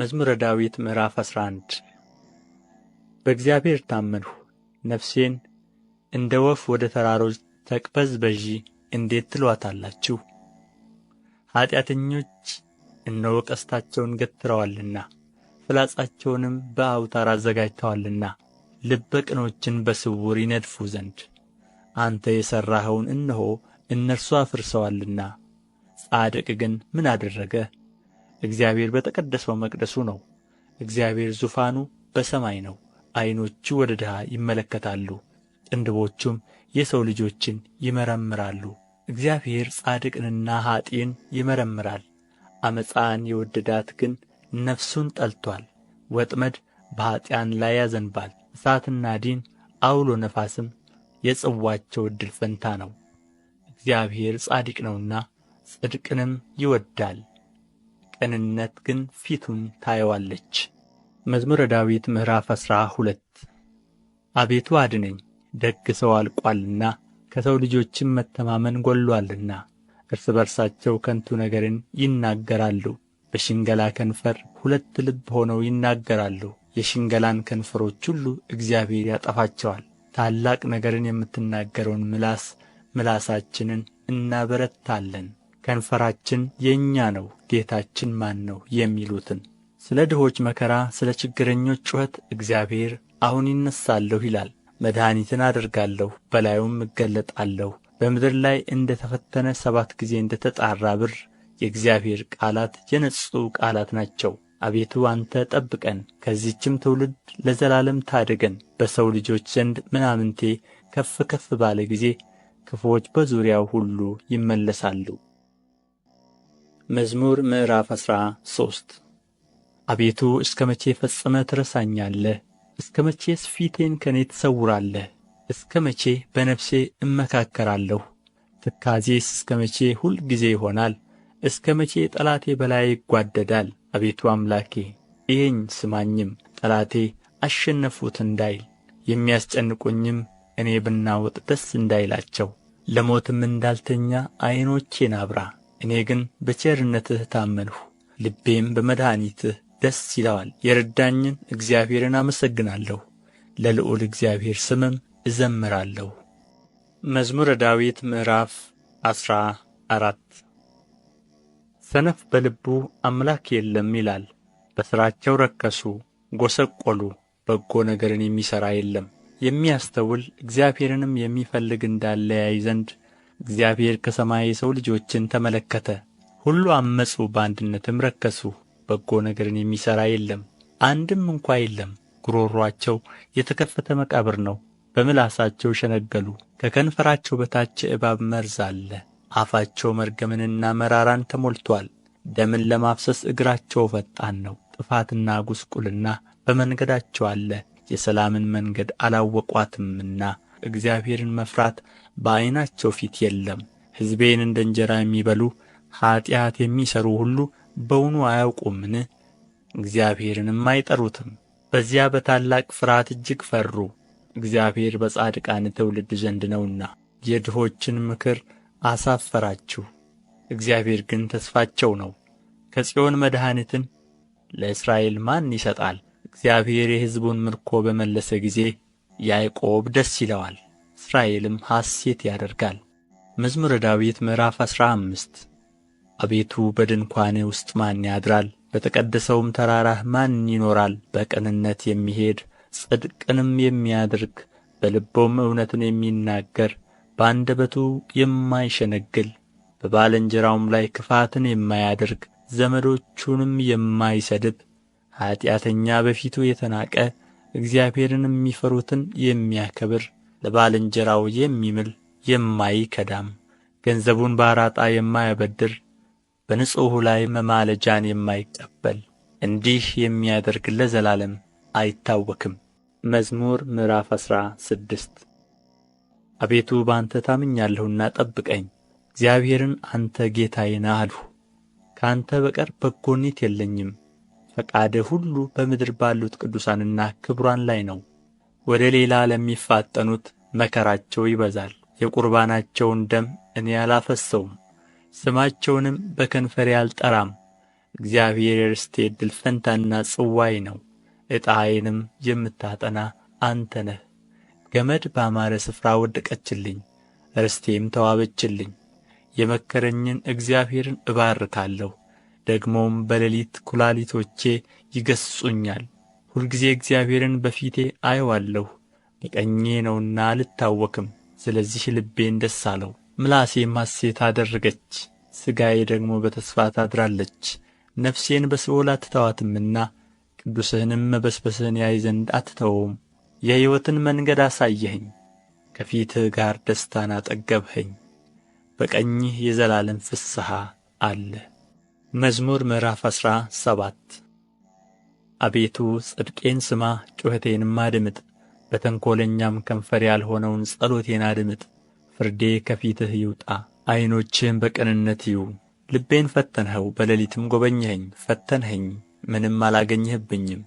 መዝሙረ ዳዊት ምዕራፍ 11 አንድ በእግዚአብሔር ታመንሁ፣ ነፍሴን እንደ ወፍ ወደ ተራሮች ተቅበዝበዢ እንዴት ትሏታላችሁ? ኀጢአተኞች እነሆ ቀስታቸውን ገትረዋልና ፍላጻቸውንም በአውታር አዘጋጅተዋልና ልበ ቅኖችን በስውር ይነድፉ ዘንድ አንተ የሠራኸውን እነሆ እነርሱ አፍርሰዋልና ጻድቅ ግን ምን አደረገ? እግዚአብሔር በተቀደሰው መቅደሱ ነው። እግዚአብሔር ዙፋኑ በሰማይ ነው። አይኖቹ ወደ ድሃ ይመለከታሉ፣ ጥንድቦቹም የሰው ልጆችን ይመረምራሉ። እግዚአብሔር ጻድቅንና ኀጥእን ይመረምራል። ዓመፃን የወደዳት ግን ነፍሱን ጠልቶአል። ወጥመድ በኀጢአን ላይ ያዘንባል። እሳትና ዲን አውሎ ነፋስም የጽዋቸው ዕድል ፈንታ ነው። እግዚአብሔር ጻድቅ ነውና ጽድቅንም ይወዳል። ቅንነት ግን ፊቱን ታየዋለች። መዝሙረ ዳዊት ምዕራፍ አስራ ሁለት አቤቱ አድነኝ፣ ደግ ሰው አልቋልና ከሰው ልጆችም መተማመን ጎሏልና። እርስ በርሳቸው ከንቱ ነገርን ይናገራሉ፣ በሽንገላ ከንፈር ሁለት ልብ ሆነው ይናገራሉ። የሽንገላን ከንፈሮች ሁሉ እግዚአብሔር ያጠፋቸዋል። ታላቅ ነገርን የምትናገረውን ምላስ ምላሳችንን እናበረታለን። ከንፈራችን የእኛ ነው ጌታችን ማን ነው የሚሉትን ስለ ድሆች መከራ ስለ ችግረኞች ጩኸት እግዚአብሔር አሁን ይነሳለሁ ይላል። መድኃኒትን አደርጋለሁ በላዩም እገለጣለሁ። በምድር ላይ እንደ ተፈተነ ሰባት ጊዜ እንደ ተጣራ ብር የእግዚአብሔር ቃላት የነጹ ቃላት ናቸው። አቤቱ አንተ ጠብቀን፣ ከዚህችም ትውልድ ለዘላለም ታደገን። በሰው ልጆች ዘንድ ምናምንቴ ከፍ ከፍ ባለ ጊዜ ክፉዎች በዙሪያው ሁሉ ይመለሳሉ። መዝሙር ምዕራፍ አስራ ሶስት አቤቱ እስከ መቼ ፈጽመህ ትረሳኛለህ? እስከ መቼስ ፊቴን ከእኔ ትሰውራለህ? እስከ መቼ በነፍሴ እመካከራለሁ? ትካዜስ እስከ መቼ ሁል ጊዜ ይሆናል? እስከ መቼ ጠላቴ በላይ ይጓደዳል? አቤቱ አምላኬ እየኝ ስማኝም፣ ጠላቴ አሸነፉት እንዳይል የሚያስጨንቁኝም እኔ ብናወጥ ደስ እንዳይላቸው፣ ለሞትም እንዳልተኛ ዐይኖቼን አብራ እኔ ግን በቸርነትህ ታመንሁ ልቤም በመድኃኒትህ ደስ ይለዋል የረዳኝን እግዚአብሔርን አመሰግናለሁ ለልዑል እግዚአብሔር ስምም እዘምራለሁ መዝሙረ ዳዊት ምዕራፍ አስራ አራት ሰነፍ በልቡ አምላክ የለም ይላል በሥራቸው ረከሱ ጐሰቈሉ በጎ ነገርን የሚሠራ የለም የሚያስተውል እግዚአብሔርንም የሚፈልግ እንዳለ ያይ ዘንድ እግዚአብሔር ከሰማይ የሰው ልጆችን ተመለከተ። ሁሉ አመፁ፣ በአንድነትም ረከሱ። በጎ ነገርን የሚሠራ የለም፣ አንድም እንኳ የለም። ጉሮሮአቸው የተከፈተ መቃብር ነው፣ በምላሳቸው ሸነገሉ። ከከንፈራቸው በታች እባብ መርዝ አለ። አፋቸው መርገምንና መራራን ተሞልቶአል። ደምን ለማፍሰስ እግራቸው ፈጣን ነው። ጥፋትና ጉስቁልና በመንገዳቸው አለ፣ የሰላምን መንገድ አላወቋትምና እግዚአብሔርን መፍራት በዓይናቸው ፊት የለም። ሕዝቤን እንደ እንጀራ የሚበሉ ኀጢአት የሚሠሩ ሁሉ በውኑ አያውቁምን? እግዚአብሔርንም አይጠሩትም። በዚያ በታላቅ ፍርሃት እጅግ ፈሩ። እግዚአብሔር በጻድቃን ትውልድ ዘንድ ነውና የድሆችን ምክር አሳፈራችሁ። እግዚአብሔር ግን ተስፋቸው ነው። ከጽዮን መድኃኒትን ለእስራኤል ማን ይሰጣል? እግዚአብሔር የሕዝቡን ምርኮ በመለሰ ጊዜ ያዕቆብ ደስ ይለዋል እስራኤልም ሐሴት ያደርጋል መዝሙረ ዳዊት ምዕራፍ አስራ አምስት አቤቱ በድንኳንህ ውስጥ ማን ያድራል በተቀደሰውም ተራራህ ማን ይኖራል? በቅንነት የሚሄድ ጽድቅንም የሚያደርግ በልቦም እውነትን የሚናገር በአንደበቱ የማይሸነግል በባልንጀራውም ላይ ክፋትን የማያደርግ ዘመዶቹንም የማይሰድብ ኀጢአተኛ በፊቱ የተናቀ እግዚአብሔርንም የሚፈሩትን የሚያከብር ለባልንጀራው የሚምል የማይከዳም ገንዘቡን በአራጣ የማያበድር በንጹሑ ላይ መማለጃን የማይቀበል እንዲህ የሚያደርግ ለዘላለም አይታወክም። መዝሙር ምዕራፍ አስራ ስድስት አቤቱ በአንተ ታምኛለሁና ጠብቀኝ። እግዚአብሔርን አንተ ጌታዬ ነህ አልሁ። ከአንተ በቀር በጎነት የለኝም። ፈቃድህ ሁሉ በምድር ባሉት ቅዱሳንና ክቡራን ላይ ነው። ወደ ሌላ ለሚፋጠኑት መከራቸው ይበዛል። የቁርባናቸውን ደም እኔ አላፈሰውም፣ ስማቸውንም በከንፈሬ አልጠራም። እግዚአብሔር የርስቴ ዕድል ፈንታና ጽዋዬ ነው፣ ዕጣዬንም የምታጠና አንተ ነህ። ገመድ ባማረ ስፍራ ወደቀችልኝ፣ ርስቴም ተዋበችልኝ። የመከረኝን እግዚአብሔርን እባርካለሁ ደግሞም በሌሊት ኵላሊቶቼ ይገሥጹኛል ሁልጊዜ እግዚአብሔርን በፊቴ አየዋለሁ በቀኜ ነውና አልታወክም ስለዚህ ልቤን ደስ አለው ምላሴም ሐሴት አደረገች ሥጋዬ ደግሞ በተስፋ ታድራለች ነፍሴን በሲኦል አትተዋትምና ቅዱስህንም መበስበስን ያይ ዘንድ አትተወውም የሕይወትን መንገድ አሳየኸኝ ከፊትህ ጋር ደስታን አጠገብኸኝ በቀኝህ የዘላለም ፍስሐ አለ መዝሙር ምዕራፍ አስራ ሰባት አቤቱ ጽድቄን ስማ ጩኸቴንም አድምጥ በተንኰለኛም ከንፈር ያልሆነውን ጸሎቴን አድምጥ ፍርዴ ከፊትህ ይውጣ ዐይኖችህም በቅንነት ይዩ ልቤን ፈተንኸው በሌሊትም ጐበኘኸኝ ፈተንኸኝ ምንም አላገኘህብኝም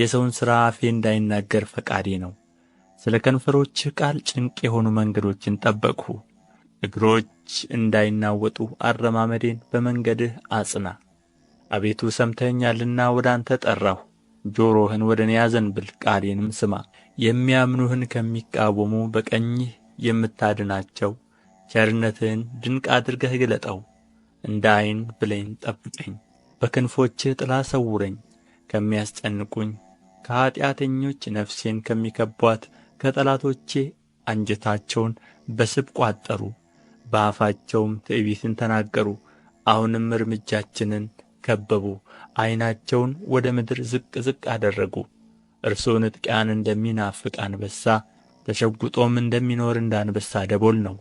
የሰውን ሥራ አፌ እንዳይናገር ፈቃዴ ነው ስለ ከንፈሮችህ ቃል ጭንቅ የሆኑ መንገዶችን ጠበቅሁ እግሮች እንዳይናወጡ አረማመዴን በመንገድህ አጽና አቤቱ ሰምተኸኛልና ወደ አንተ ጠራሁ ጆሮህን ወደ እኔ አዘንብል ቃሌንም ስማ የሚያምኑህን ከሚቃወሙ በቀኝህ የምታድናቸው ቸርነትህን ድንቅ አድርገህ ግለጠው እንደ ዐይን ብሌን ጠብቀኝ በክንፎችህ ጥላ ሰውረኝ ከሚያስጨንቁኝ ከኀጢአተኞች ነፍሴን ከሚከቧት ከጠላቶቼ አንጀታቸውን በስብ ቋጠሩ በአፋቸውም ትዕቢትን ተናገሩ አሁንም እርምጃችንን ከበቡ ዐይናቸውን ወደ ምድር ዝቅ ዝቅ አደረጉ እርሱ ንጥቂያን እንደሚናፍቅ አንበሳ ተሸጕጦም እንደሚኖር እንደ አንበሳ ደቦል ነው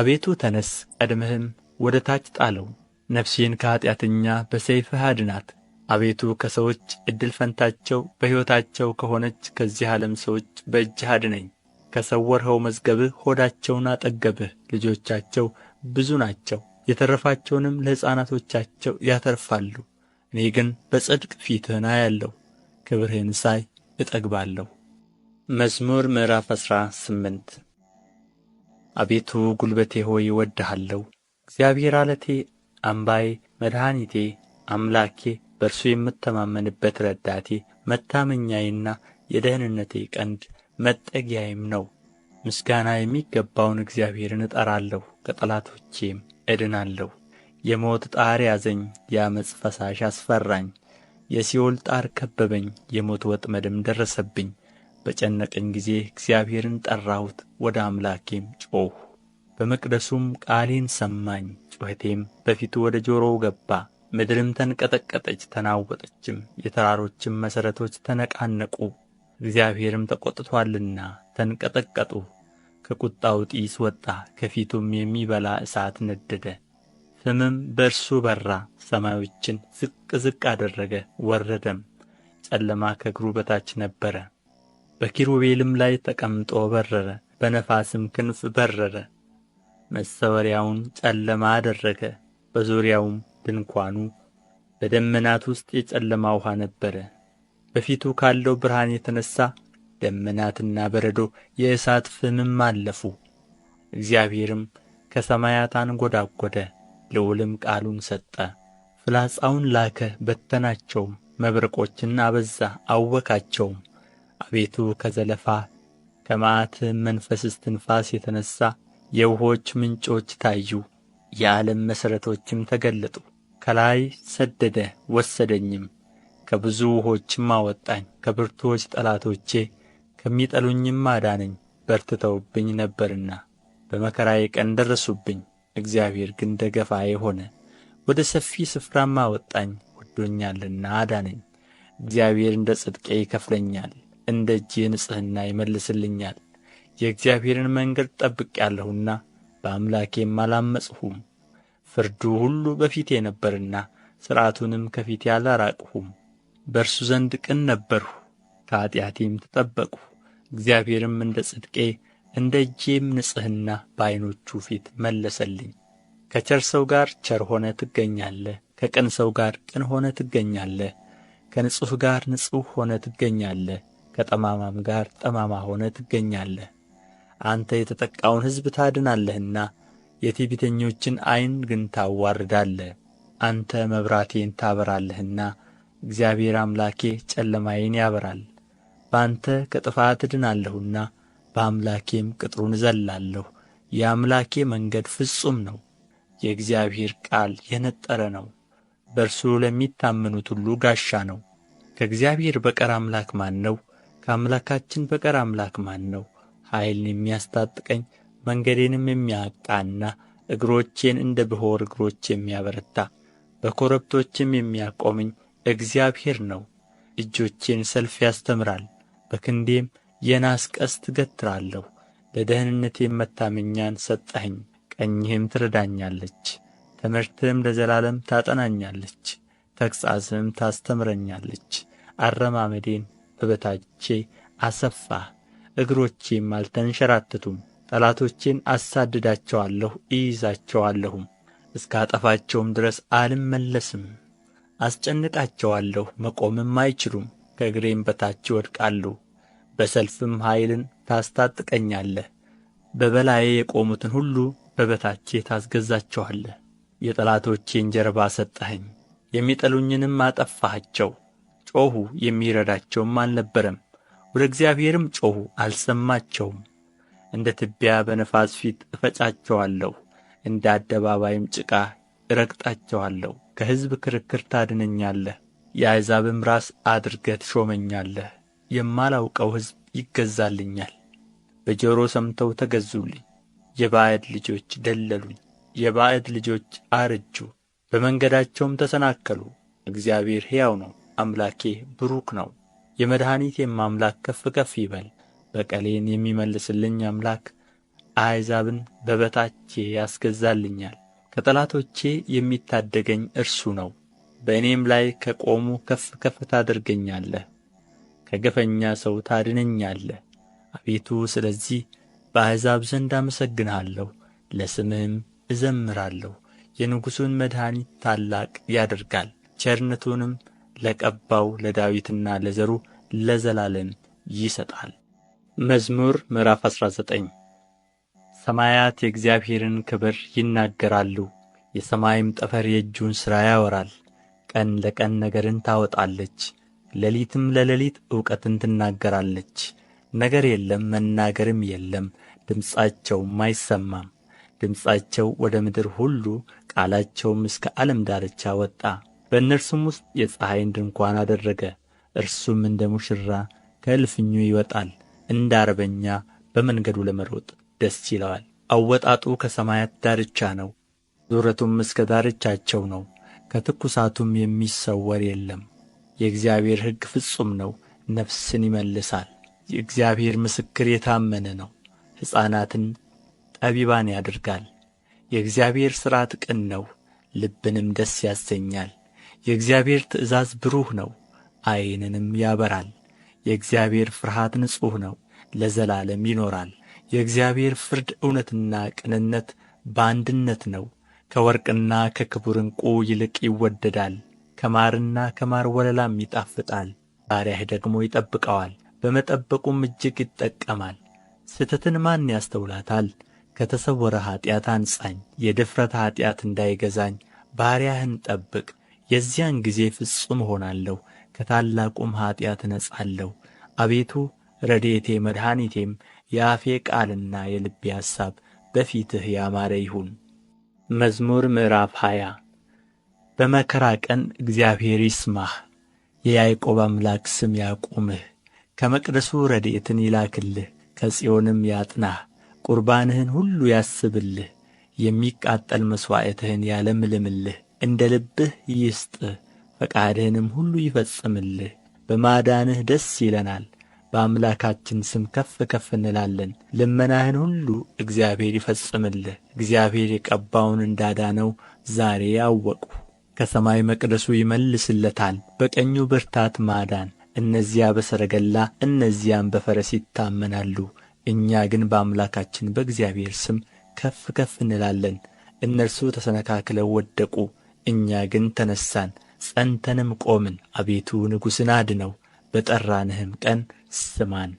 አቤቱ ተነስ ቀድመህም ወደ ታች ጣለው ነፍሴን ከኀጢአተኛ በሰይፍህ አድናት አቤቱ ከሰዎች ዕድል ፈንታቸው በሕይወታቸው ከሆነች ከዚህ ዓለም ሰዎች በእጅህ አድነኝ ከሰወርኸው መዝገብህ ሆዳቸውን አጠገብህ ልጆቻቸው ብዙ ናቸው የተረፋቸውንም ለሕፃናቶቻቸው ያተርፋሉ እኔ ግን በጽድቅ ፊትህን አያለሁ ክብርህን ሳይ እጠግባለሁ መዝሙር ምዕራፍ አስራ ስምንት አቤቱ ጉልበቴ ሆይ እወድሃለሁ እግዚአብሔር አለቴ አምባዬ መድኃኒቴ አምላኬ በእርሱ የምተማመንበት ረዳቴ መታመኛዬና የደህንነቴ ቀንድ መጠጊያዬም ነው ምስጋና የሚገባውን እግዚአብሔርን እጠራለሁ ከጠላቶቼም እድናለሁ የሞት ጣር ያዘኝ የአመፅ ፈሳሽ አስፈራኝ የሲኦል ጣር ከበበኝ የሞት ወጥመድም ደረሰብኝ በጨነቀኝ ጊዜ እግዚአብሔርን ጠራሁት ወደ አምላኬም ጮኽሁ በመቅደሱም ቃሌን ሰማኝ ጩኸቴም በፊቱ ወደ ጆሮው ገባ ምድርም ተንቀጠቀጠች ተናወጠችም የተራሮችም መሠረቶች ተነቃነቁ እግዚአብሔርም ተቈጥቶአልና ተንቀጠቀጡ። ከቁጣው ጢስ ወጣ፣ ከፊቱም የሚበላ እሳት ነደደ። ፍምም በእርሱ በራ፣ ሰማዮችን ዝቅ ዝቅ አደረገ፣ ወረደም። ጨለማ ከእግሩ በታች ነበረ። በኪሩቤልም ላይ ተቀምጦ በረረ፣ በነፋስም ክንፍ በረረ። መሰወሪያውን ጨለማ አደረገ፣ በዙሪያውም ድንኳኑ በደመናት ውስጥ የጨለማ ውኃ ነበረ። በፊቱ ካለው ብርሃን የተነሣ ደመናትና በረዶ የእሳት ፍምም አለፉ። እግዚአብሔርም ከሰማያት አንጐዳጐደ፣ ልዑልም ቃሉን ሰጠ። ፍላጻውን ላከ፣ በተናቸውም፣ መብረቆችን አበዛ፣ አወካቸውም። አቤቱ ከዘለፋ ከመዓትህም መንፈስ እስትንፋስ የተነሣ የውኆች ምንጮች ታዩ፣ የዓለም መሠረቶችም ተገለጡ። ከላይ ሰደደ ወሰደኝም ከብዙ ውኆችም አወጣኝ ከብርቱዎች ጠላቶቼ ከሚጠሉኝም አዳነኝ በርትተውብኝ ነበርና በመከራዬ ቀን ደረሱብኝ እግዚአብሔር ግን ደገፋዬ ሆነ ወደ ሰፊ ስፍራም አወጣኝ ወዶኛልና አዳነኝ እግዚአብሔር እንደ ጽድቄ ይከፍለኛል እንደ እጅህ ንጽሕና ይመልስልኛል የእግዚአብሔርን መንገድ ጠብቄአለሁና በአምላኬም አላመጽሁም ፍርዱ ሁሉ በፊቴ ነበርና ሥርዓቱንም ከፊቴ አላራቅሁም በእርሱ ዘንድ ቅን ነበርሁ፣ ከኃጢአቴም ተጠበቅሁ። እግዚአብሔርም እንደ ጽድቄ እንደ እጄም ንጽሕና በዐይኖቹ ፊት መለሰልኝ። ከቸር ሰው ጋር ቸር ሆነ ትገኛለህ፣ ከቅን ሰው ጋር ቅን ሆነ ትገኛለህ፣ ከንጹሕ ጋር ንጹሕ ሆነ ትገኛለህ፣ ከጠማማም ጋር ጠማማ ሆነ ትገኛለህ። አንተ የተጠቃውን ሕዝብ ታድናለህና የትዕቢተኞችን ዐይን ግን ታዋርዳለህ። አንተ መብራቴን ታበራለህና እግዚአብሔር አምላኬ ጨለማዬን ያበራል በአንተ ከጥፋት እድናለሁና በአምላኬም ቅጥሩን እዘላለሁ። የአምላኬ መንገድ ፍጹም ነው የእግዚአብሔር ቃል የነጠረ ነው በእርሱ ለሚታመኑት ሁሉ ጋሻ ነው ከእግዚአብሔር በቀር አምላክ ማን ነው ከአምላካችን በቀር አምላክ ማን ነው ኃይልን የሚያስታጥቀኝ መንገዴንም የሚያቃና እግሮቼን እንደ ብሖር እግሮች የሚያበረታ በኮረብቶችም የሚያቆምኝ? እግዚአብሔር ነው። እጆቼን ሰልፍ ያስተምራል፣ በክንዴም የናስ ቀስት እገትራለሁ። ለደኅንነቴም መታመኛን ሰጠኸኝ፣ ቀኝህም ትረዳኛለች። ትምህርትህም ለዘላለም ታጠናኛለች፣ ተግሣጽህም ታስተምረኛለች። አረማመዴን በበታቼ አሰፋህ፣ እግሮቼም አልተንሸራተቱም። ጠላቶቼን አሳድዳቸዋለሁ፣ እይዛቸዋለሁም፣ እስካጠፋቸውም ድረስ አልመለስም። አስጨንቃቸዋለሁ መቆምም አይችሉም ከእግሬም በታች ይወድቃሉ በሰልፍም ኃይልን ታስታጥቀኛለህ በበላዬ የቆሙትን ሁሉ በበታቼ ታስገዛቸዋለህ የጠላቶቼን ጀርባ ሰጠኸኝ የሚጠሉኝንም አጠፋሃቸው ጮኹ የሚረዳቸውም አልነበረም ወደ እግዚአብሔርም ጮኹ አልሰማቸውም እንደ ትቢያ በነፋስ ፊት እፈጫቸዋለሁ እንደ አደባባይም ጭቃ እረግጣቸዋለሁ ከሕዝብ ክርክር ታድነኛለህ፣ የአሕዛብም ራስ አድርገህ ትሾመኛለህ። የማላውቀው ሕዝብ ይገዛልኛል። በጆሮ ሰምተው ተገዙልኝ። የባዕድ ልጆች ደለሉኝ፣ የባዕድ ልጆች አረጁ፣ በመንገዳቸውም ተሰናከሉ። እግዚአብሔር ሕያው ነው፣ አምላኬ ብሩክ ነው። የመድኃኒቴም አምላክ ከፍ ከፍ ይበል። በቀሌን የሚመልስልኝ አምላክ አሕዛብን በበታቼ ያስገዛልኛል። ከጠላቶቼ የሚታደገኝ እርሱ ነው። በእኔም ላይ ከቆሙ ከፍ ከፍ ታደርገኛለህ፣ ከገፈኛ ሰው ታድነኛለህ። አቤቱ ስለዚህ በአሕዛብ ዘንድ አመሰግንሃለሁ፣ ለስምህም እዘምራለሁ። የንጉሡን መድኃኒት ታላቅ ያደርጋል፣ ቸርነቱንም ለቀባው ለዳዊትና ለዘሩ ለዘላለም ይሰጣል። መዝሙር ምዕራፍ አስራ ዘጠኝ ሰማያት የእግዚአብሔርን ክብር ይናገራሉ፣ የሰማይም ጠፈር የእጁን ሥራ ያወራል። ቀን ለቀን ነገርን ታወጣለች፣ ሌሊትም ለሌሊት እውቀትን ትናገራለች። ነገር የለም መናገርም የለም፣ ድምፃቸውም አይሰማም። ድምፃቸው ወደ ምድር ሁሉ ቃላቸውም እስከ ዓለም ዳርቻ ወጣ። በእነርሱም ውስጥ የፀሐይን ድንኳን አደረገ። እርሱም እንደ ሙሽራ ከእልፍኙ ይወጣል፣ እንደ አርበኛ በመንገዱ ለመሮጥ ደስ ይለዋል። አወጣጡ ከሰማያት ዳርቻ ነው፣ ዙረቱም እስከ ዳርቻቸው ነው። ከትኩሳቱም የሚሰወር የለም። የእግዚአብሔር ሕግ ፍጹም ነው፣ ነፍስን ይመልሳል። የእግዚአብሔር ምስክር የታመነ ነው፣ ሕፃናትን ጠቢባን ያደርጋል። የእግዚአብሔር ሥርዓት ቅን ነው፣ ልብንም ደስ ያሰኛል። የእግዚአብሔር ትእዛዝ ብሩህ ነው፣ ዐይንንም ያበራል። የእግዚአብሔር ፍርሃት ንጹሕ ነው፣ ለዘላለም ይኖራል። የእግዚአብሔር ፍርድ እውነትና ቅንነት በአንድነት ነው ከወርቅና ከክቡር ዕንቁ ይልቅ ይወደዳል ከማርና ከማር ወለላም ይጣፍጣል ባሪያህ ደግሞ ይጠብቀዋል በመጠበቁም እጅግ ይጠቀማል ስህተትን ማን ያስተውላታል ከተሰወረ ኀጢአት አንጻኝ የድፍረት ኀጢአት እንዳይገዛኝ ባሪያህን ጠብቅ የዚያን ጊዜ ፍጹም እሆናለሁ ከታላቁም ኀጢአት እነጻለሁ አቤቱ ረድኤቴ መድኃኒቴም የአፌ ቃልና የልቤ ሐሳብ በፊትህ ያማረ ይሁን መዝሙር ምዕራፍ ሃያ በመከራ ቀን እግዚአብሔር ይስማህ የያዕቆብ አምላክ ስም ያቁምህ ከመቅደሱ ረድኤትን ይላክልህ ከጽዮንም ያጥናህ ቁርባንህን ሁሉ ያስብልህ የሚቃጠል መሥዋዕትህን ያለምልምልህ እንደ ልብህ ይስጥህ ፈቃድህንም ሁሉ ይፈጽምልህ በማዳንህ ደስ ይለናል በአምላካችን ስም ከፍ ከፍ እንላለን ልመናህን ሁሉ እግዚአብሔር ይፈጽምልህ እግዚአብሔር የቀባውን እንዳዳነው ዛሬ አወቁ። ከሰማይ መቅደሱ ይመልስለታል በቀኙ ብርታት ማዳን እነዚያ በሰረገላ እነዚያም በፈረስ ይታመናሉ እኛ ግን በአምላካችን በእግዚአብሔር ስም ከፍ ከፍ እንላለን እነርሱ ተሰነካክለው ወደቁ እኛ ግን ተነሳን ጸንተንም ቆምን አቤቱ ንጉሥን አድነው በጠራንህም ቀን ስማን